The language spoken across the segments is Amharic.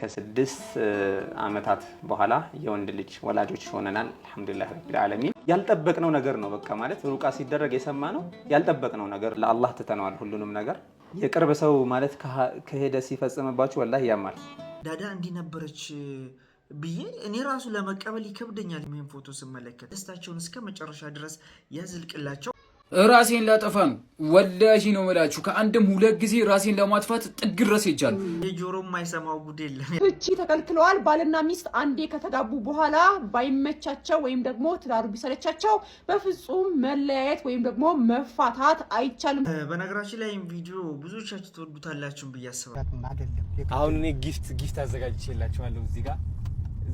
ከስድስት ዓመታት በኋላ የወንድ ልጅ ወላጆች ሆነናል። አልሐምዱሊላህ ረቢል ዓለሚን። ያልጠበቅነው ነገር ነው። በቃ ማለት ሩቃ ሲደረግ ነው። ያልጠበቅነው ነገር፣ ለአላህ ትተነዋል ሁሉንም ነገር። የቅርብ ሰው ማለት ከሄደ ሲፈጽምባችሁ ወላህ ያማል። ዳዳ እንዲነበረች ብዬ እኔ ራሱ ለመቀበል ይከብደኛል። ይህን ፎቶ ስመለከት ደስታቸውን እስከ መጨረሻ ድረስ ያዝልቅላቸው። ራሴን ላጠፋ ነው። ወላሂ ነው የምላችሁ። ከአንድም ሁለት ጊዜ ራሴን ለማጥፋት ጥግ ድረስ ሄጃለሁ። የጆሮ የማይሰማው ጉድ የለም። ፍቺ ተከልክለዋል። ባልና ሚስት አንዴ ከተጋቡ በኋላ ባይመቻቸው ወይም ደግሞ ትዳሩ ቢሰለቻቸው በፍጹም መለያየት ወይም ደግሞ መፋታት አይቻልም። በነገራችን ላይ ቪዲዮ ብዙዎቻችሁ ትወዱታላችሁ ብዬ አስባለሁ። አሁን እኔ ጊፍት ጊፍት አዘጋጅቼላችኋለሁ እዚህ ጋር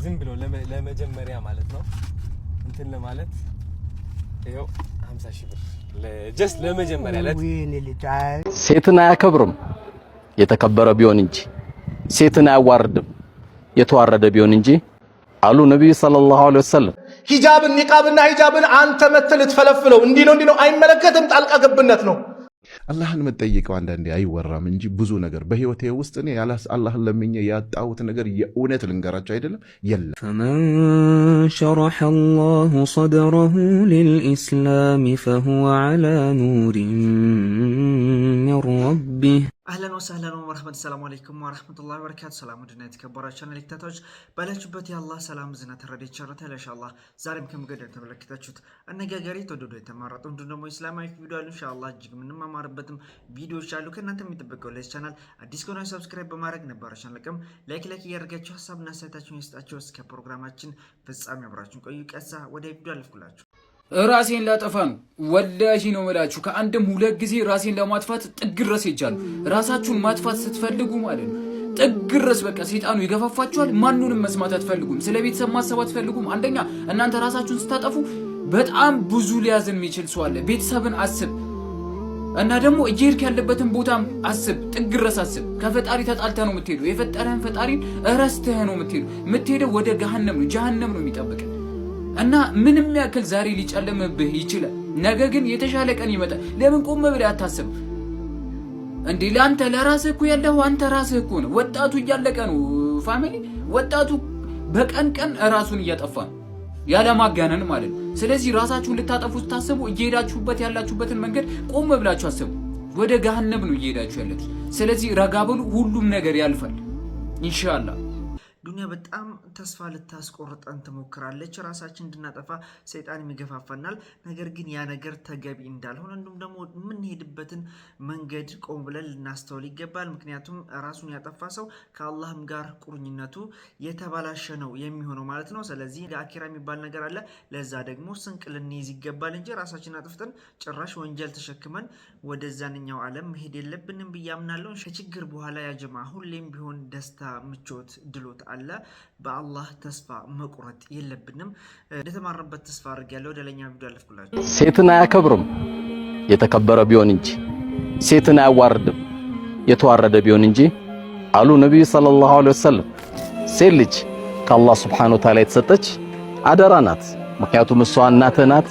ዝም ብሎ ለመጀመሪያ ማለት ነው እንትን ለማለት ይኸው ሀምሳ ሺህ ብር ጀስት ለመጀመሪያ ሴትን አያከብርም የተከበረ ቢሆን እንጂ ሴትን አያዋርድም የተዋረደ ቢሆን እንጂ አሉ ነብዩ ሰለላሁ ዐለይሂ ወሰለም። ሂጃብን ኒቃብና ሂጃብን አንተ መተህ ልትፈለፍለው እንዲህ ነው እንዲህ ነው አይመለከትም። ጣልቃ ገብነት ነው። አላህን መጠየቀው አንዳንዴ አይወራም እንጂ ብዙ ነገር በህይወቴ ውስጥ እኔ አላህን ለምኜ ያጣሁት ነገር የእውነት ልንገራቸው አይደለም የለም። ፈመን ሸረሐ አላሁ ሰድረሁ ሊልኢስላሚ ፈሁወ ዐላ ኑሪን ሚን ረቢህ አህለን ወሰህለን ወመርሐመት ሰላሙ አለይኩም ወረሕመቱላሂ ወበረካቱ። ሰላም ውድና የተከበራችሁ ተመልካቾች ባላችሁበት የአላህ ሰላም ዝና ተረዳ ይቸረታ ለሻላ ዛሬም ከምገደል ተመለከታችሁት አነጋጋሪ ተወደዶ የተመረጡ እንዲሁም ደግሞ ኢስላማዊ ቪዲዮ አሉ። ኢንሻአላህ እጅግ የምንማማርበትም ቪዲዮዎች አሉ። ከእናንተ የሚጠበቀው ለዚህ ቻናል አዲስ ከሆነ ሰብስክራይብ በማድረግ ነባራችን ለቅም ላይክ ላይክ እያደርጋችሁ ሀሳብና አስተያየታችሁን የሰጣችሁ እስከ ፕሮግራማችን ፍጻሜ አብራችሁን ቆዩ። ቀሳ ወደ ቪዲዮ አልፍኩላችሁ። ራሴን ላጠፋ ነው። ወላሂ ነው የምላችሁ። ከአንድም ሁለት ጊዜ ራሴን ለማጥፋት ጥግ ድረስ ሄጃለሁ። ራሳችሁን ማጥፋት ስትፈልጉ ማለት ነው ጥግ ድረስ በቃ ሴጣኑ ይገፋፋችኋል። ማንንም መስማት አትፈልጉም። ስለ ቤተሰብ ማሰብ አትፈልጉም። አንደኛ እናንተ ራሳችሁን ስታጠፉ በጣም ብዙ ሊያዝን የሚችል ሰው አለ። ቤተሰብን አስብ እና ደግሞ እየሄድክ ያለበትን ቦታም አስብ። ጥግ ድረስ አስብ። ከፈጣሪ ተጣልተ ነው የምትሄደው። የፈጠረህን ፈጣሪን እረስተህ ነው የምትሄደው። የምትሄደው ወደ ገሃነም ነው። ጀሃነም ነው የሚጠብቅ እና ምንም ያክል ዛሬ ሊጨልምብህ ይችላል፣ ነገ ግን የተሻለ ቀን ይመጣል። ለምን ቆም ብለህ አታስብ እንዴ? ለአንተ ለራስህ እኮ ያለው አንተ ራስህ እኮ ነው። ወጣቱ እያለቀ ነው። ፋሚሊ ወጣቱ በቀን ቀን ራሱን እያጠፋ ነው፣ ያለማጋነን ማለት ነው። ስለዚህ ራሳችሁን ልታጠፉ ስታስቡ እየሄዳችሁበት ያላችሁበትን መንገድ ቆም ብላችሁ አስቡ። ወደ ገሃነም ነው እየሄዳችሁ ያለችሁ። ስለዚህ ረጋ ሁሉም ነገር ያልፋል ኢንሻአላህ። ዱኒያ በጣም ተስፋ ልታስቆርጠን ትሞክራለች። ራሳችን እንድናጠፋ ሰይጣን ይገፋፋናል። ነገር ግን ያ ነገር ተገቢ እንዳልሆነ እንዲሁም ደግሞ የምንሄድበትን መንገድ ቆም ብለን ልናስተውል ይገባል። ምክንያቱም ራሱን ያጠፋ ሰው ከአላህም ጋር ቁርኝነቱ የተበላሸ ነው የሚሆነው ማለት ነው። ስለዚህ አኪራ የሚባል ነገር አለ። ለዛ ደግሞ ስንቅ ልንይዝ ይገባል እንጂ ራሳችን አጥፍተን ጭራሽ ወንጀል ተሸክመን ወደዛንኛው ዓለም መሄድ የለብንም ብዬ አምናለሁ። ከችግር በኋላ ያጀማ ሁሌም ቢሆን ደስታ፣ ምቾት፣ ድሎት አለ ካለ በአላህ ተስፋ መቁረጥ የለብንም። እንደተማረበት ተስፋ አድርጌያለሁ። ወደ ለኛ ቪዲዮ አለፍኩላችሁ። ሴትን አያከብርም የተከበረ ቢሆን እንጂ፣ ሴትን አያዋርድም የተዋረደ ቢሆን እንጂ አሉ ነቢዩ ሰለላሁ ዐለይሂ ወሰለም። ሴት ልጅ ከአላህ ስብሓነሁ ወተዓላ የተሰጠች አደራ ናት። ምክንያቱም እሷ እናትህ ናት፣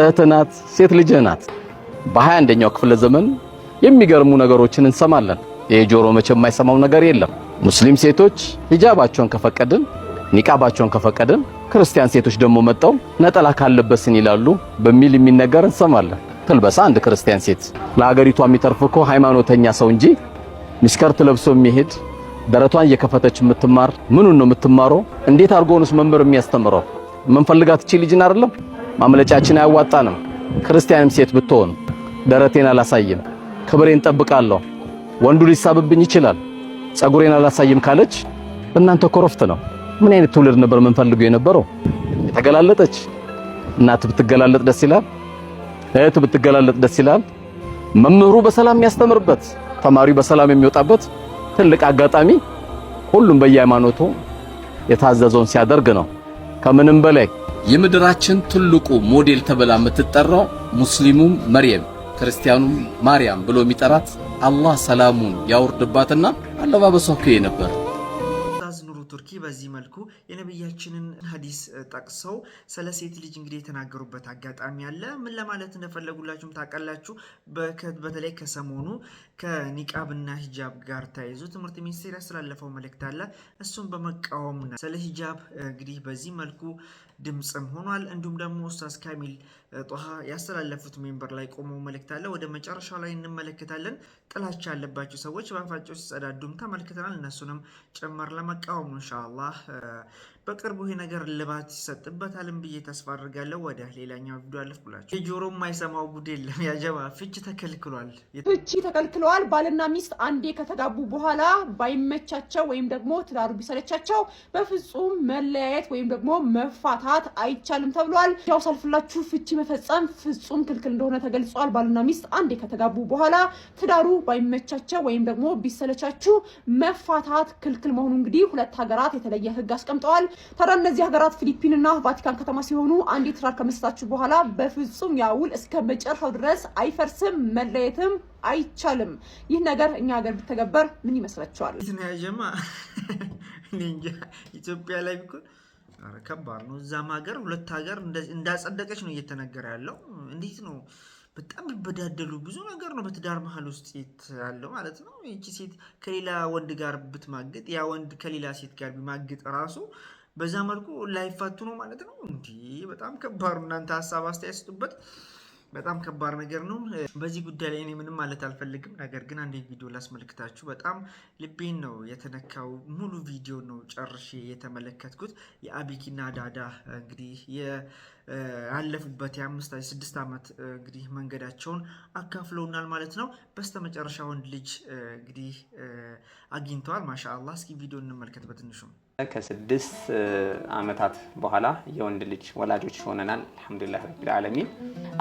እህትህ ናት፣ ሴት ልጅህ ናት። በሃያ አንደኛው ክፍለ ዘመን የሚገርሙ ነገሮችን እንሰማለን። የጆሮ መቼ የማይሰማው ነገር የለም። ሙስሊም ሴቶች ሂጃባቸውን ከፈቀድን ኒቃባቸውን ከፈቀድን ክርስቲያን ሴቶች ደግሞ መጣው ነጠላ ካለበስን ይላሉ በሚል የሚነገር እንሰማለን። ትልበሳ አንድ ክርስቲያን ሴት ለሀገሪቷ የሚተርፍ እኮ ሃይማኖተኛ ሰው እንጂ ሚስከርት ለብሶ የሚሄድ ደረቷን እየከፈተች የምትማር ምኑን ነው የምትማረው? እንዴት አድርጎንስ መምህር የሚያስተምረው? መንፈልጋት እቺ ልጅን አይደለም? ማምለጫችን አያዋጣንም። ክርስቲያንም ሴት ብትሆን ደረቴን አላሳይም፣ ክብሬን ጠብቃለሁ፣ ወንዱ ሊሳብብኝ ይችላል ጸጉሬን አላሳይም ካለች እናንተ ኮረፍት ነው። ምን አይነት ትውልድ ነበር የምንፈልገው የነበረው? የተገላለጠች እናት ብትገላለጥ ደስ ይላል። እህት ብትገላለጥ ደስ ይላል። መምህሩ በሰላም የሚያስተምርበት፣ ተማሪው በሰላም የሚወጣበት ትልቅ አጋጣሚ ሁሉም በየሃይማኖቱ የታዘዘውን ሲያደርግ ነው። ከምንም በላይ የምድራችን ትልቁ ሞዴል ተብላ የምትጠራው ሙስሊሙም መርየም ክርስቲያኑም ማርያም ብሎ የሚጠራት አላህ ሰላሙን ያወርድባትና አለባበሷ እኮ ነበር። ቱርኪ በዚህ መልኩ የነቢያችንን ሀዲስ ጠቅሰው ስለ ሴት ልጅ እንግዲህ የተናገሩበት አጋጣሚ አለ። ምን ለማለት እንደፈለጉላችሁም ታውቃላችሁ። በተለይ ከሰሞኑ ከኒቃብና ሂጃብ ጋር ተያይዞ ትምህርት ሚኒስቴር ያስተላለፈው መልእክት አለ። እሱም በመቃወም ስለ ሂጃብ እንግዲህ በዚህ መልኩ ድምፅም ሆኗል። እንዲሁም ደግሞ ኡስታዝ ካሚል ጦሃ ያስተላለፉት ሜምበር ላይ ቆሞ መልእክት አለ። ወደ መጨረሻ ላይ እንመለከታለን። ጥላቻ ያለባቸው ሰዎች በአፋቸው ሲጸዳዱም ተመልክተናል። እነሱንም ጭምር ለመቃወም ኢንሻአላህ በቅርቡ ይህ ነገር ልባት ይሰጥበታልም ብዬ ተስፋ አድርጋለሁ። ወደ ሌላኛው ቪዲዮ አለፍ ብላቸው የጆሮ የማይሰማው ጉድ የለም። ያጀባ ፍቺ ተከልክሏል። ፍቺ ተከልክለዋል። ባልና ሚስት አንዴ ከተጋቡ በኋላ ባይመቻቸው ወይም ደግሞ ትዳሩ ቢሰለቻቸው በፍጹም መለያየት ወይም ደግሞ መፋታት አይቻልም ተብሏል። ያው ሳልፍላችሁ ፍቺ መፈጸም ፍጹም ክልክል እንደሆነ ተገልጿል። ባልና ሚስት አንዴ ከተጋቡ በኋላ ትዳሩ ባይመቻቸው ወይም ደግሞ ቢሰለቻችሁ መፋታት ክልክል መሆኑ እንግዲህ ሁለት ሀገራት የተለየ ህግ አስቀምጠዋል። ታዲያ እነዚህ ሀገራት ፊሊፒን እና ቫቲካን ከተማ ሲሆኑ አንዴ ትዳር ከመስታችሁ በኋላ በፍጹም ያውል እስከ መጨረሻው ድረስ አይፈርስም፣ መለየትም አይቻልም። ይህ ነገር እኛ ሀገር ቢተገበር ምን ይመስላቸዋል? ኢትዮጵያ ላይ ከባድ ነው። እዛም ሀገር ሁለት ሀገር እንዳጸደቀች ነው እየተነገረ ያለው። እንዴት ነው? በጣም ቢበዳደሉ ብዙ ነገር ነው በትዳር መሀል ውስጥ ያለው ማለት ነው። ይቺ ሴት ከሌላ ወንድ ጋር ብትማግጥ፣ ያ ወንድ ከሌላ ሴት ጋር ቢማግጥ ራሱ በዛ መልኩ ላይፋቱ ነው ማለት ነው። እንዲህ በጣም ከባድ ነው። እናንተ ሀሳብ አስተያየት ስጡበት። በጣም ከባድ ነገር ነው። በዚህ ጉዳይ ላይ እኔ ምንም ማለት አልፈልግም። ነገር ግን አንድ ቪዲዮ ላስመልክታችሁ። በጣም ልቤን ነው የተነካው። ሙሉ ቪዲዮ ነው ጨርሼ የተመለከትኩት። የአቢኪና ዳዳ እንግዲህ ያለፉበት የአምስት ስድስት ዓመት እንግዲህ መንገዳቸውን አካፍለውናል ማለት ነው። በስተመጨረሻ ወንድ ልጅ እንግዲህ አግኝተዋል። ማሻ እስኪ ቪዲዮ እንመልከት በትንሹም ከስድስት አመታት በኋላ የወንድ ልጅ ወላጆች ሆነናል። አልሐምዱሊላህ ረቢል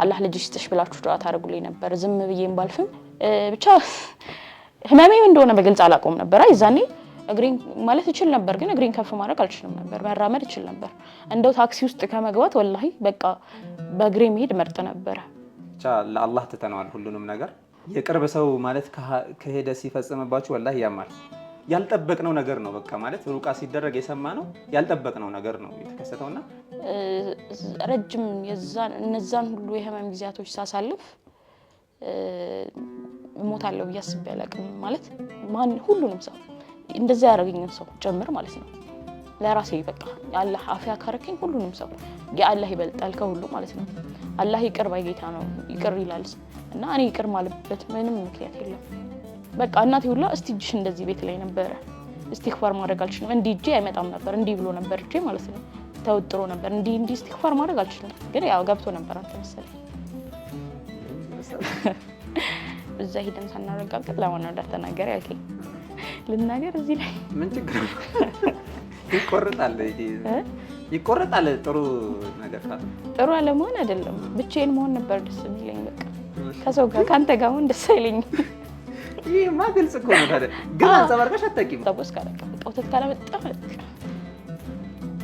አላህ ልጅ ይስጥሽ ብላችሁ ዱዓ ታደርጉልኝ ነበር። ዝም ብዬም ባልፍም ብቻ ህመሜ እንደሆነ በግልጽ አላቆም ነበር። ይዛኔ እግሬን ማለት እችል ነበር፣ ግን እግሬን ከፍ ማድረግ አልችልም ነበር። መራመድ እችል ነበር። እንደው ታክሲ ውስጥ ከመግባት ወላሂ በቃ በእግሬ መሄድ መርጥ ነበረ። ብቻ ለአላህ ትተነዋል ሁሉንም ነገር። የቅርብ ሰው ማለት ከሄደ ሲፈጽምባችሁ ወላሂ ያማል። ያልጠበቅነው ነገር ነው። በቃ ማለት ሩቃ ሲደረግ የሰማ ነው ያልጠበቅነው ነገር ነው የተከሰተውና ረጅም እነዛን ሁሉ የህመም ጊዜያቶች ሳሳልፍ እሞታለሁ ብዬ አስቤ አላውቅም። ማለት ማን ሁሉንም ሰው እንደዛ ያደረገኝን ሰው ጨምር ማለት ነው ለራሴ በቃ አላህ አፍያ ካረከኝ ሁሉንም ሰው የአላህ ይበልጣል ከሁሉ ማለት ነው። አላህ ይቅር ባይ ጌታ ነው፣ ይቅር ይላል እና እኔ ይቅር ማለበት ምንም ምክንያት የለም። በቃ እናቴ ሁላ እስቲ እጅሽ እንደዚህ ቤት ላይ ነበረ እስቲክፋር ማድረግ አልችልም። እንዲህ እጄ አይመጣም ነበር እንዲህ ብሎ ነበር እጄ ማለት ነው ተወጥሮ ነበር። እንዲህ እንዲህ እስቲክፋር ማድረግ አልችልም። ግን ያው ገብቶ ነበር አንተ መሰለኝ። እዛ ሂደን ሳናረጋግጥ ለማን ነው እንዳትናገሪ ያልከኝ? ልናገር እዚህ ላይ ምን ችግር ነው? ይቆርጣል ጥሩ ነገር ጥሩ አለመሆን አይደለም ብቻዬን መሆን ነበር ደስ የሚለኝ። በቃ ከሰው ጋር ከአንተ ጋር መሆን ደስ አይለኝም። ይሄማ ግልጽ እኮ ነው። ታዲያ ግን አንጸባርቀሽ አታውቂም። ሰዎች ካለቀ ወተት ካለመጣሁ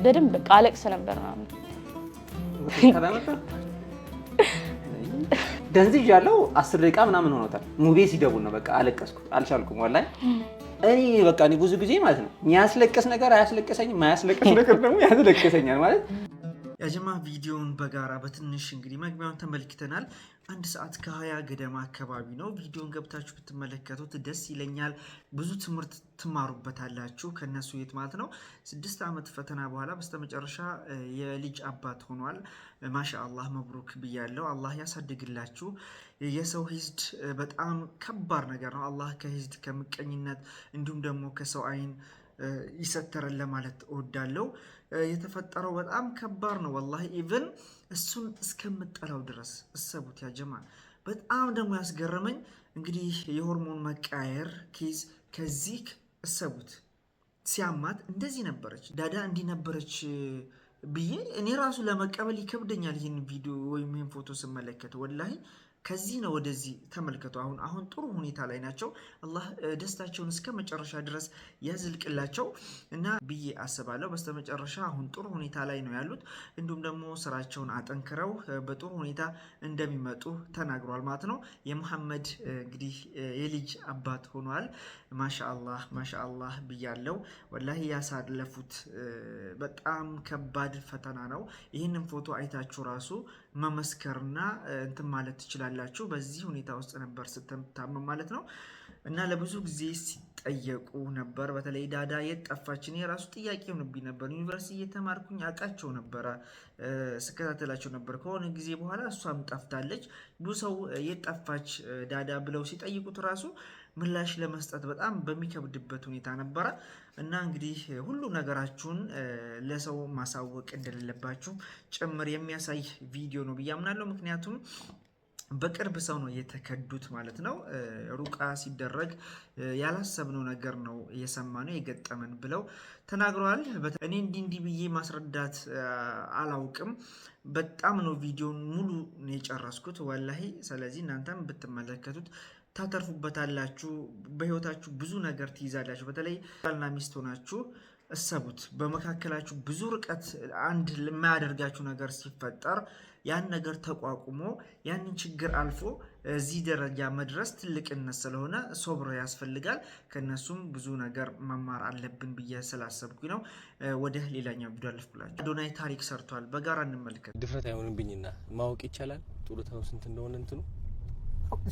በደንብ በቃ አለቅስ ነበር ምናምን ደንዝዥ ያለው አስር ደቂቃ ምናምን ሆኖታል። ሙቤ ሲደውል ነው በቃ አለቀስኩ፣ አልቻልኩም። ወላሂ እኔ በቃ እኔ ብዙ ጊዜ ማለት ነው የሚያስለቅስ ነገር አያስለቅሰኝም፣ ማያስለቅስ ነገር ደግሞ ያስለቅሰኛል ማለት ያጀማ ቪዲዮውን በጋራ በትንሽ እንግዲህ መግቢያውን ተመልክተናል። አንድ ሰዓት ከሀያ ገደማ አካባቢ ነው። ቪዲዮን ገብታችሁ ብትመለከቱት ደስ ይለኛል። ብዙ ትምህርት ትማሩበታላችሁ ከነሱ የት ማለት ነው። ስድስት ዓመት ፈተና በኋላ በስተመጨረሻ የልጅ አባት ሆኗል። ማሻ አላህ መብሩክ ብያለው። አላህ ያሳድግላችሁ። የሰው ሂዝድ በጣም ከባድ ነገር ነው። አላህ ከሂዝድ ከምቀኝነት፣ እንዲሁም ደግሞ ከሰው አይን ይሰተረን ለማለት እወዳለው። የተፈጠረው በጣም ከባድ ነው። ወላሂ ኢቭን እሱን እስከምጠላው ድረስ እሰቡት። ያጀማ በጣም ደግሞ ያስገረመኝ እንግዲህ የሆርሞን መቃየር ኬዝ ከዚህ እሰቡት። ሲያማት እንደዚህ ነበረች፣ ዳዳ እንዲህ ነበረች ብዬ እኔ ራሱ ለመቀበል ይከብደኛል ይህን ቪዲዮ ወይም ይህን ፎቶ ስመለከት ወላሂ ከዚህ ነው ወደዚህ ተመልከቱ። አሁን አሁን ጥሩ ሁኔታ ላይ ናቸው። አላህ ደስታቸውን እስከ መጨረሻ ድረስ ያዝልቅላቸው እና ብዬ አስባለሁ። በስተመጨረሻ አሁን ጥሩ ሁኔታ ላይ ነው ያሉት። እንዲሁም ደግሞ ስራቸውን አጠንክረው በጥሩ ሁኔታ እንደሚመጡ ተናግሯል ማለት ነው። የሙሐመድ እንግዲህ የልጅ አባት ሆኗል። ማሻአላህ ማሻአላህ ብያለው። ወላሂ ያሳለፉት በጣም ከባድ ፈተና ነው። ይህንን ፎቶ አይታችሁ ራሱ መመስከርና እንትን ማለት ትችላላችሁ። በዚህ ሁኔታ ውስጥ ነበር ስትታመም ማለት ነው። እና ለብዙ ጊዜ ሲጠየቁ ነበር። በተለይ ዳዳ የት ጠፋች? እኔ የራሱ ጥያቄ ሆንብኝ ነበር። ዩኒቨርሲቲ እየተማርኩኝ አውቃቸው ነበረ፣ ስከታተላቸው ነበር። ከሆነ ጊዜ በኋላ እሷም ጠፍታለች። ብዙ ሰው የት ጠፋች ዳዳ ብለው ሲጠይቁት ራሱ ምላሽ ለመስጠት በጣም በሚከብድበት ሁኔታ ነበረ እና እንግዲህ ሁሉ ነገራችሁን ለሰው ማሳወቅ እንደሌለባችሁ ጭምር የሚያሳይ ቪዲዮ ነው ብዬ አምናለሁ። ምክንያቱም በቅርብ ሰው ነው የተከዱት ማለት ነው። ሩቃ ሲደረግ ያላሰብነው ነገር ነው የሰማነው የገጠመን ብለው ተናግረዋል። እኔ እንዲህ እንዲህ ብዬ ማስረዳት አላውቅም። በጣም ነው ቪዲዮን ሙሉ የጨረስኩት ወላሂ። ስለዚህ እናንተም ብትመለከቱት ታተርፉበታላችሁ። በህይወታችሁ ብዙ ነገር ትይዛላችሁ። በተለይ ባልና ሚስት ሆናችሁ እሰቡት። በመካከላችሁ ብዙ ርቀት አንድ የማያደርጋችሁ ነገር ሲፈጠር ያን ነገር ተቋቁሞ ያንን ችግር አልፎ እዚህ ደረጃ መድረስ ትልቅነት ስለሆነ ሶብር ያስፈልጋል። ከነሱም ብዙ ነገር መማር አለብን ብዬ ስላሰብኩኝ ነው። ወደ ሌላኛው ቪዲዮ አለፍኩላችሁ። አዶናይ ታሪክ ሰርቷል። በጋራ እንመልከት። ድፍረት አይሆንብኝና ማወቅ ይቻላል ጡረታው ስንት እንደሆነ እንትኑ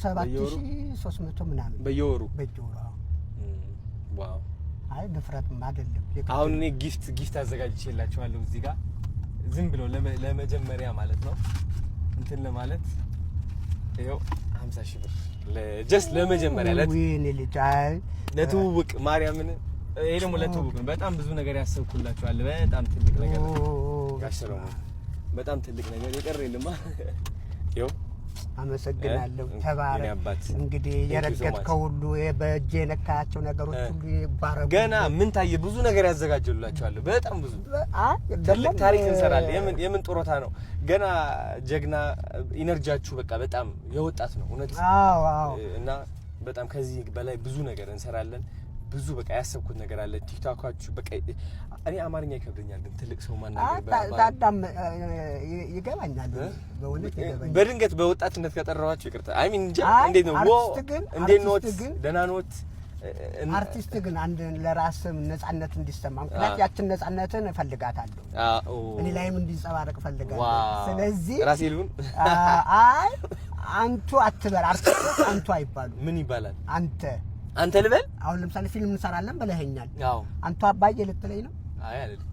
ሰባት ሺህ ሶስት መቶ ምናምን በየወሩ በየወሩ። ዋው! አይ ድፍረትም አይደለም። አሁን እኔ ጊፍት ጊፍት አዘጋጅቼላችኋለሁ እዚህ ጋር ዝም ብሎ ለመጀመሪያ ማለት ነው እንትን ለማለት ይኸው ሀምሳ ሺህ ብር ጀስት ለመጀመሪያ ለትውውቅ ማርያምን ይሄ ደግሞ ለትውውቅ በጣም ብዙ ነገር ያሰብኩላችኋል። በጣም ትልቅ ነገር ጋሽ ሰለሞን በጣም ትልቅ ነገር የቀረ የለማ ይኸው አመሰግናለሁ። ተባረክ። እንግዲህ የረገጥከው ሁሉ በእጄ የነካቸው ነገሮች ሁሉ ይባረኩ። ገና ምን ታየ? ብዙ ነገር ያዘጋጀላችኋለሁ። በጣም ብዙ ትልቅ ታሪክ እንሰራለን። የምን የምን ጡረታ ነው? ገና ጀግና ኢነርጂያችሁ በቃ በጣም የወጣት ነው እውነት እና በጣም ከዚህ በላይ ብዙ ነገር እንሰራለን። ብዙ በቃ ያሰብኩት ነገር አለ። ቲክቶካችሁ በቃ እኔ አማርኛ ይከብደኛል፣ ግን ትልቅ ሰው ማናገርጣም ይገባኛል። በእውነት በድንገት በወጣትነት ከጠራኋችሁ ይቅርታ። አይ ሚን እንጃ እንዴት ነው እንዴት ኖት ደህና ኖት። አርቲስት ግን አንድ ለራስም ነጻነት እንዲሰማ ምክንያት ያችን ነጻነትን እፈልጋታለሁ እኔ ላይም እንዲንጸባረቅ እፈልጋለሁ። ስለዚህ ራሴ ልሁን አይ አንቱ አትበል። አርቲስት አንቱ አይባሉ ምን ይባላል አንተ አንተ ልበል አሁን ለምሳሌ ፊልም እንሰራለን ብለኸኛል። አዎ አንተ አባዬ ልትለኝ ነው? አይ አይደለም።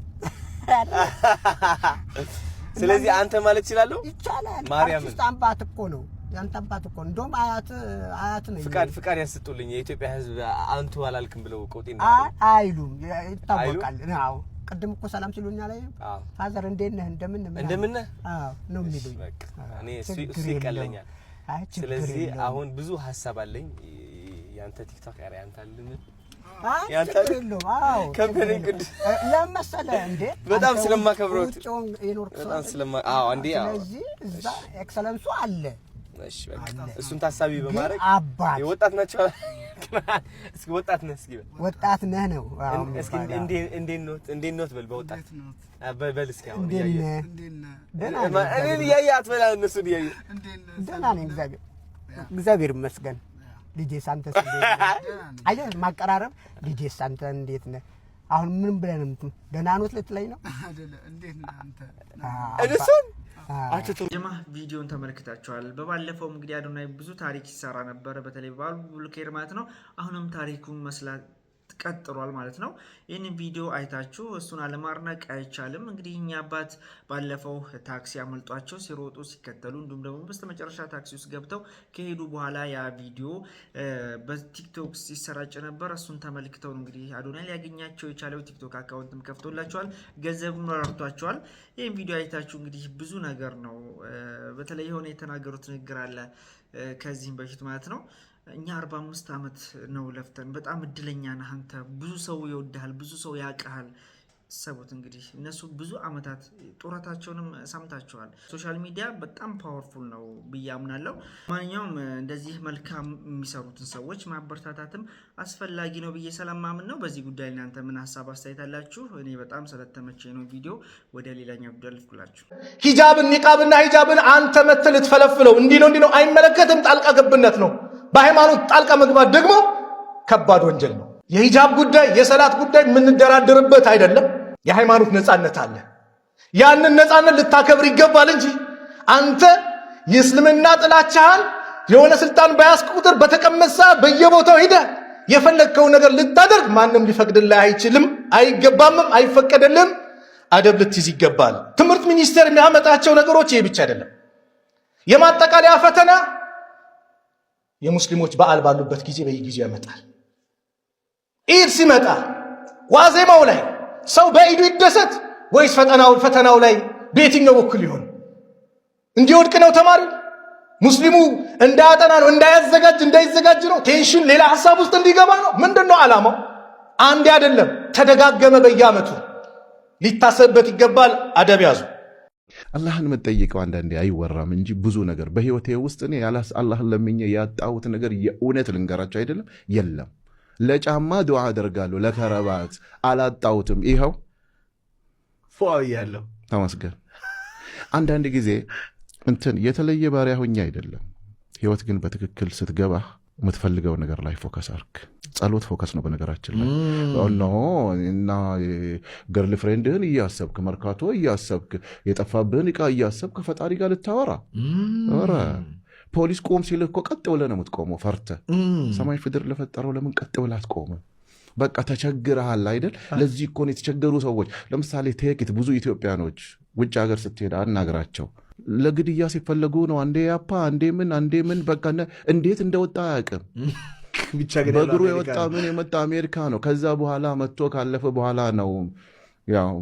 ስለዚህ አንተ ማለት እችላለሁ። ይቻላል። ማርያም አባት እኮ ነው ያንተ አባት እኮ እንደውም አያት አያት ነው። ፍቃድ ፍቃድ ያስጡልኝ የኢትዮጵያ ሕዝብ አንቱ አላልክም ብለው ቆጤ አይሉም። ይታወቃል። አዎ ቅድም እኮ ሰላም ሲሉኛ ላይ ፋዘር እንዴት ነህ እንደምን እንደምን ነው የሚሉኝ። እኔ እሱ ይቀለኛል። ስለዚህ አሁን ብዙ ሀሳብ አለኝ ያንተ ቲክቶክ ያ ያንተ እንዴ በጣም ስለማከብረው እዛ ኤክሰለንሱ አለ። እሱን ታሳቢ በማድረግ ወጣት ናቸው። እስኪ ወጣት ነህ፣ እስኪ በል ወጣት ነህ ነው። እስኪ እንዴት ነው በል፣ በወጣት በል እስኪ። አሁን እኔን እያየህ አትበላ፣ እነሱን እያየህ ደህና ነኝ፣ እግዚአብሔር ይመስገን። ልጄ ሳንተስ አየህ፣ ማቀራረብ ልጄ ሳንተ እንዴት ነህ? አሁን ምን ብለን ደህና ኖት ልትለኝ ነው? እሱን ጀማ ቪዲዮን ተመልክታችኋል። በባለፈው እንግዲህ አዶናይ ብዙ ታሪክ ይሰራ ነበር፣ በተለይ በአቡልከይር ማለት ነው። አሁንም ታሪኩን መስላት ቀጥሏል ማለት ነው። ይህን ቪዲዮ አይታችሁ እሱን አለማድነቅ አይቻልም። እንግዲህ እኛ አባት ባለፈው ታክሲ አመልጧቸው ሲሮጡ ሲከተሉ እንዲሁም ደግሞ በስተመጨረሻ ታክሲ ውስጥ ገብተው ከሄዱ በኋላ ያ ቪዲዮ በቲክቶክ ሲሰራጭ ነበር። እሱን ተመልክተው እንግዲህ አዶናይ ሊያገኛቸው የቻለው ቲክቶክ አካውንትም ከፍቶላቸዋል፣ ገንዘብም ረርቷቸዋል። ይህን ቪዲዮ አይታችሁ እንግዲህ ብዙ ነገር ነው። በተለይ የሆነ የተናገሩት ንግግር አለ ከዚህም በፊት ማለት ነው እኛ አርባ አምስት ዓመት ነው ለፍተን። በጣም እድለኛ ነህ አንተ። ብዙ ሰው ይወድሃል፣ ብዙ ሰው ያውቅሃል። ሰቡት እንግዲህ እነሱ ብዙ ዓመታት ጡረታቸውንም ሰምታችኋል። ሶሻል ሚዲያ በጣም ፓወርፉል ነው ብዬ አምናለሁ። ማንኛውም እንደዚህ መልካም የሚሰሩትን ሰዎች ማበረታታትም አስፈላጊ ነው ብዬ ስለማምን ነው። በዚህ ጉዳይ እናንተ ምን ሀሳብ አስተያየት አላችሁ? እኔ በጣም ስለተመቸኝ ነው ቪዲዮ ወደ ሌላኛው ጉዳይ ልፍኩላችሁ። ሂጃብን ኒቃብና ሂጃብን አንተ መተህ ልትፈለፍለው እንዲህ ነው እንዲህ ነው አይመለከትም። ጣልቃ ገብነት ነው በሃይማኖት ጣልቃ መግባት ደግሞ ከባድ ወንጀል ነው። የሂጃብ ጉዳይ፣ የሰላት ጉዳይ የምንደራደርበት አይደለም። የሃይማኖት ነፃነት አለ። ያንን ነፃነት ልታከብር ይገባል እንጂ አንተ የእስልምና ጥላቻህን የሆነ ስልጣን በያዝክ ቁጥር በተቀመጥ በየቦታው ሄደ የፈለግከው ነገር ልታደርግ ማንም ሊፈቅድልህ አይችልም፣ አይገባምም፣ አይፈቀደልም። አደብ ልትይዝ ይገባል። ትምህርት ሚኒስቴር የሚያመጣቸው ነገሮች ይሄ ብቻ አይደለም። የማጠቃለያ ፈተና የሙስሊሞች በዓል ባሉበት ጊዜ በየጊዜው ያመጣል። ኢድ ሲመጣ ዋዜማው ላይ ሰው በኢዱ ይደሰት ወይስ ፈተናው ፈተናው ላይ በየትኛው በኩል ይሆን? እንዲወድቅ ነው ተማሪው ሙስሊሙ እንዳያጠና ነው እንዳያዘጋጅ እንዳይዘጋጅ ነው ቴንሽን፣ ሌላ ሀሳብ ውስጥ እንዲገባ ነው። ምንድን ነው ዓላማው? አንዴ አይደለም ተደጋገመ፣ በየአመቱ ሊታሰብበት ይገባል። አደብ ያዙ። አላህን መጠየቀው አንዳንዴ አይወራም እንጂ ብዙ ነገር በህይወቴ ውስጥ እኔ አላህን ለምኜ ያጣሁት ነገር የእውነት ልንገራቸው አይደለም የለም። ለጫማ ዱዓ አደርጋለሁ፣ ለከረባት አላጣሁትም። ይኸው ያለው ተመስገን። አንዳንድ ጊዜ እንትን የተለየ ባሪያ ሆኜ አይደለም። ህይወት ግን በትክክል ስትገባ የምትፈልገው ነገር ላይ ፎከስ አርክ። ጸሎት ፎከስ ነው በነገራችን ላይ ኖ እና ገርል ፍሬንድህን እያሰብክ መርካቶ እያሰብክ የጠፋብህን እቃ እያሰብክ ከፈጣሪ ጋር ልታወራ ኧረ ፖሊስ ቆም ሲልህ እኮ ቀጥ ብለህ ነው የምትቆመው ፈርተህ ሰማይ ፍድር ለፈጠረው ለምን ቀጥ ብለህ አትቆምም በቃ ተቸግረሃል አይደል ለዚህ እኮ ነው የተቸገሩ ሰዎች ለምሳሌ ቴክት ብዙ ኢትዮጵያኖች ውጭ ሀገር ስትሄድ አናግራቸው ለግድያ ሲፈለጉ ነው አንዴ ያፓ አንዴ ምን አንዴ ምን በቃ እንዴት እንደወጣ አያውቅም ብቻ በእግሩ የወጣ ምን የመጣ አሜሪካ ነው። ከዛ በኋላ መጥቶ ካለፈ በኋላ ነው ያው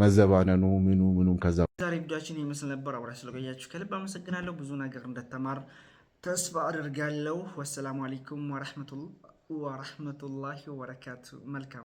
መዘባነኑ ምኑ ምኑም። ከዛ ዛሬ ጉዳችን ይመስል ነበር። አብራ ስለቆያችሁ ከልብ አመሰግናለሁ። ብዙ ነገር እንደተማር ተስፋ አድርጋለሁ። ወሰላሙ አለይኩም ወረሕመቱላሂ ወበረካቱ። መልካም